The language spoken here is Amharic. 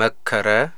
መከረ